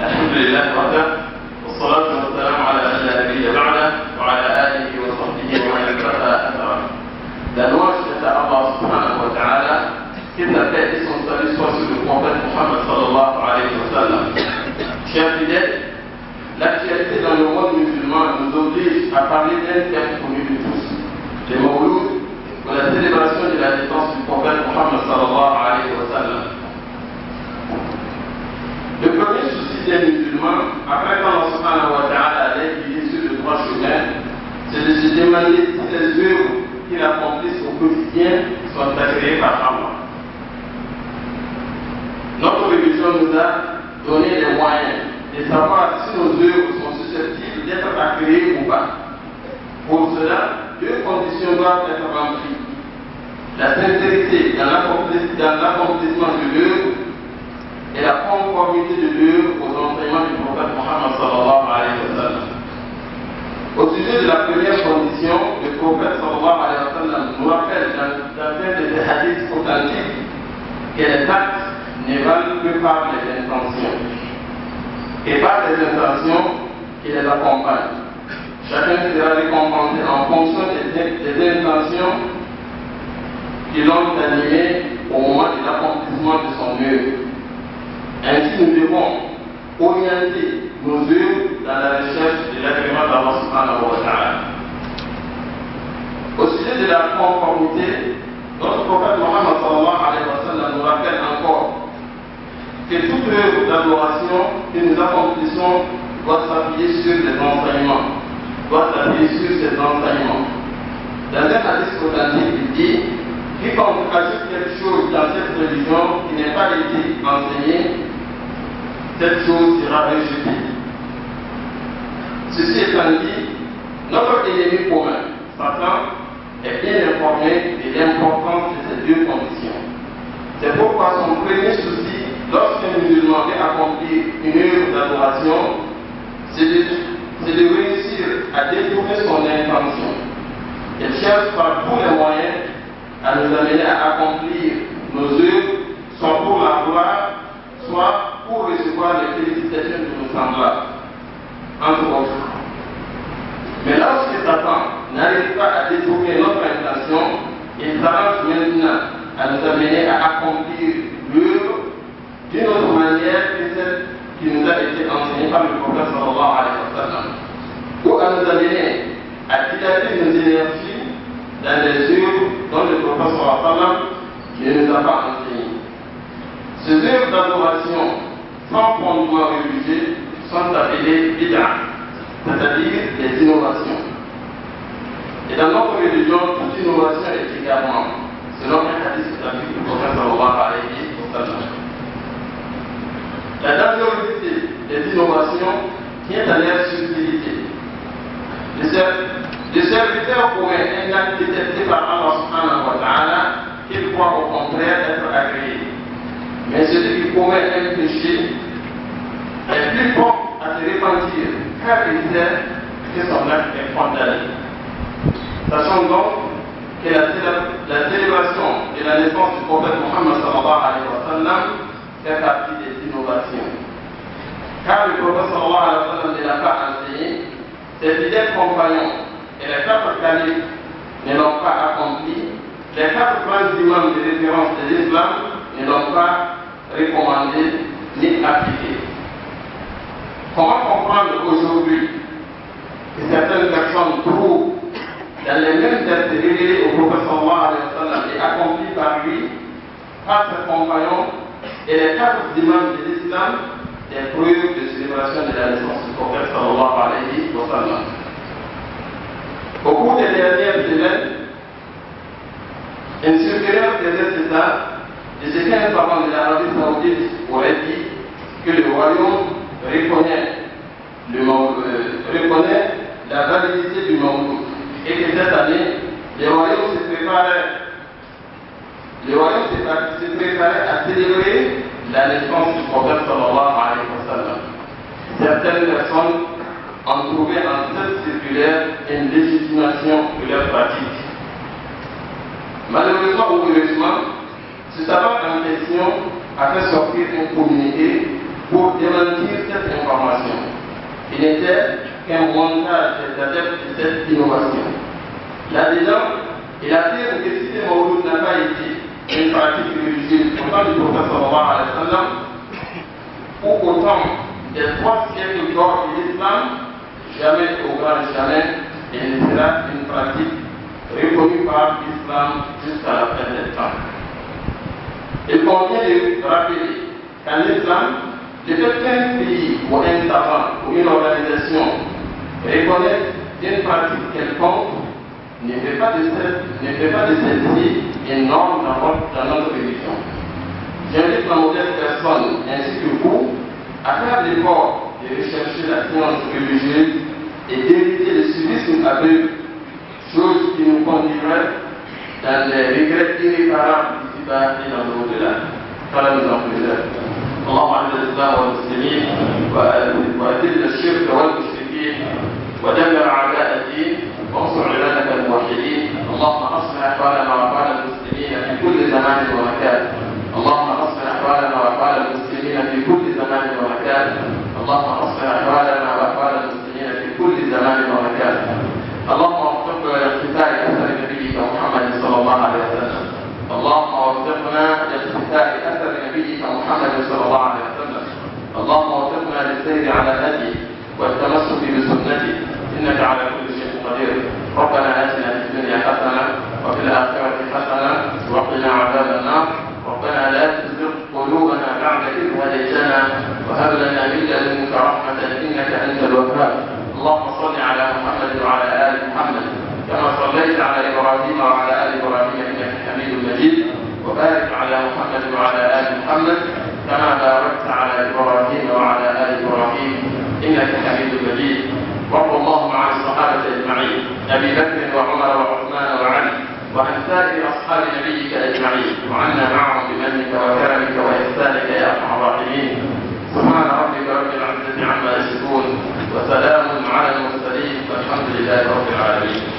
الحمد لله وحده والصلاة والسلام على أهل لا نبي بعده وعلى آله وصحبه ومن اقتفى أثره. Dan Allah Subhanahu wa taala kita tak accomplissent au quotidien sont agréés par Allah. Notre religion nous a donné les moyens de savoir si nos œuvres sont susceptibles d'être agréées ou pas. Pour cela, deux conditions doivent être remplies. La sincérité dans l'accomplissement de l'œuvre et la conformité de l'œuvre aux enseignements du prophète Mohammed sallallahu alayhi wa sallam. Au sujet de la première condition, le prophète sallallahu alayhi wa nous rappelle dans, des hadiths authentiques que les actes ne valent que par les intentions et par les intentions qui les accompagnent. Chacun sera récompensé en fonction des, intentions qui l'ont animé au moment de l'accomplissement de son mieux Ainsi, nous devons orienter nos yeux dans la recherche de l'agrément d'Allah subhanahu la ta'ala la conformité, notre prophète Mohammed nous rappelle encore que toute œuvre d'adoration que nous accomplissons doit s'appuyer sur les enseignements, doit s'appuyer sur ces enseignements. Dans un a authentique, il dit quiconque ajoute quelque chose dans cette religion qui n'est pas été enseignée, cette chose sera rejetée. Ceci étant dit, notre ennemi commun, Satan, est bien informé de l'importance de ces deux conditions. C'est pourquoi son premier souci, lorsqu'un musulman veut accomplir une œuvre d'adoration, c'est de, réussir à détourner son intention. Il cherche par tous les moyens à nous amener à accomplir nos œuvres, soit pour la gloire, soit pour recevoir les félicitations de nos semblables. En à nous amener à accomplir l'œuvre d'une autre manière que celle qui nous a été enseignée par le professeur sallallahu alayhi ou à nous amener à dilater nos énergies dans les œuvres dont le professeur sallallahu ne nous a pas enseignées. Ces œuvres d'adoration sans fondement religieux sont appelées bid'ah, c'est-à-dire des innovations. Et dans notre religion, toute innovation est également Selon un hadith authentique le prophète sallallahu alayhi wa sallam. La dangerosité des innovations tient à leur subtilité. Le serviteur pourrait un acte détesté par Allah subhanahu wa ta'ala qu'il croit au contraire être agréé. Mais celui qui commet être péché est plus fort à se répandir car il sait que son acte est condamné. Sachons donc que la, la naissance du prophète Muhammad sallallahu alayhi wa sallam fait partie des innovations. Car le prophète sallallahu alayhi wa sallam ne l'a pas enseigné, ses fidèles compagnons et les quatre califes ne l'ont pas accompli, les quatre grands imams de référence de l'islam ne l'ont pas recommandé ni appliqué. Comment comprendre aujourd'hui que certaines personnes trouvent dans les mêmes textes révélés au prophète par compagnons et les quatre images de l'islam des preuves de célébration de la naissance du prophète sallallahu parler wa sallam. Au cours des dernières semaines, une circulaire des États, état, de états savants de l'Arabie saoudite aurait dit que le royaume reconnaît, euh, la validité du Mangou. à célébrer la naissance du prophète sallallahu alayhi wa sallam. Certaines personnes ont trouvé en cette circulaire une légitimation de leur pratique. Malheureusement ou heureusement, ce savant en question a fait sortir une communauté pour démentir cette information. Il n'était qu'un montage des adeptes de cette innovation. Là-dedans, il a fait que si Maouloud n'a pas été une pratique religieuse autant temps du prophète sallallahu alayhi wa sallam ou autant des trois siècles d'or de l'islam, jamais au grand jamais, elle sera une pratique reconnue par l'islam jusqu'à la fin des temps. Il convient de rappeler qu'en islam, quelqu'un qu'un pays ou un savant ou une organisation reconnaît une pratique quelconque ne fait pas de celle-ci un nom dans notre religion. J'invite la modeste personne ainsi que vous à faire l'effort de rechercher la science religieuse et d'éviter le civisme aveugle, chose qui nous conduirait dans les regrets irréparables et dans le زمان ومكان اللهم اصلح احوالنا واحوال المسلمين في كل زمان ومكان اللهم اصلح احوالنا واحوال المسلمين في كل زمان ومكان اللهم وفقنا لاقتتال اثر نبيك محمد صلى الله عليه وسلم اللهم وفقنا لاقتتال اثر نبيك محمد صلى الله عليه وسلم اللهم وفقنا للسير على هدي والتمسك بسنته انك على كل شيء قدير ربنا اتنا في الدنيا حسنه وفي الاخره حسنه وقنا عذاب محمد وعلى آل محمد كما باركت على إبراهيم وعلى آل إبراهيم إنك حميد مجيد وارض اللهم عن الصحابة أجمعين أبي بكر وعمر وعثمان وعلي وعن سائر أصحاب نبيك أجمعين وعنا معهم بمنك وكرمك وإحسانك يا أرحم الراحمين سبحان ربك رب العزة عما يصفون وسلام على المرسلين والحمد لله رب العالمين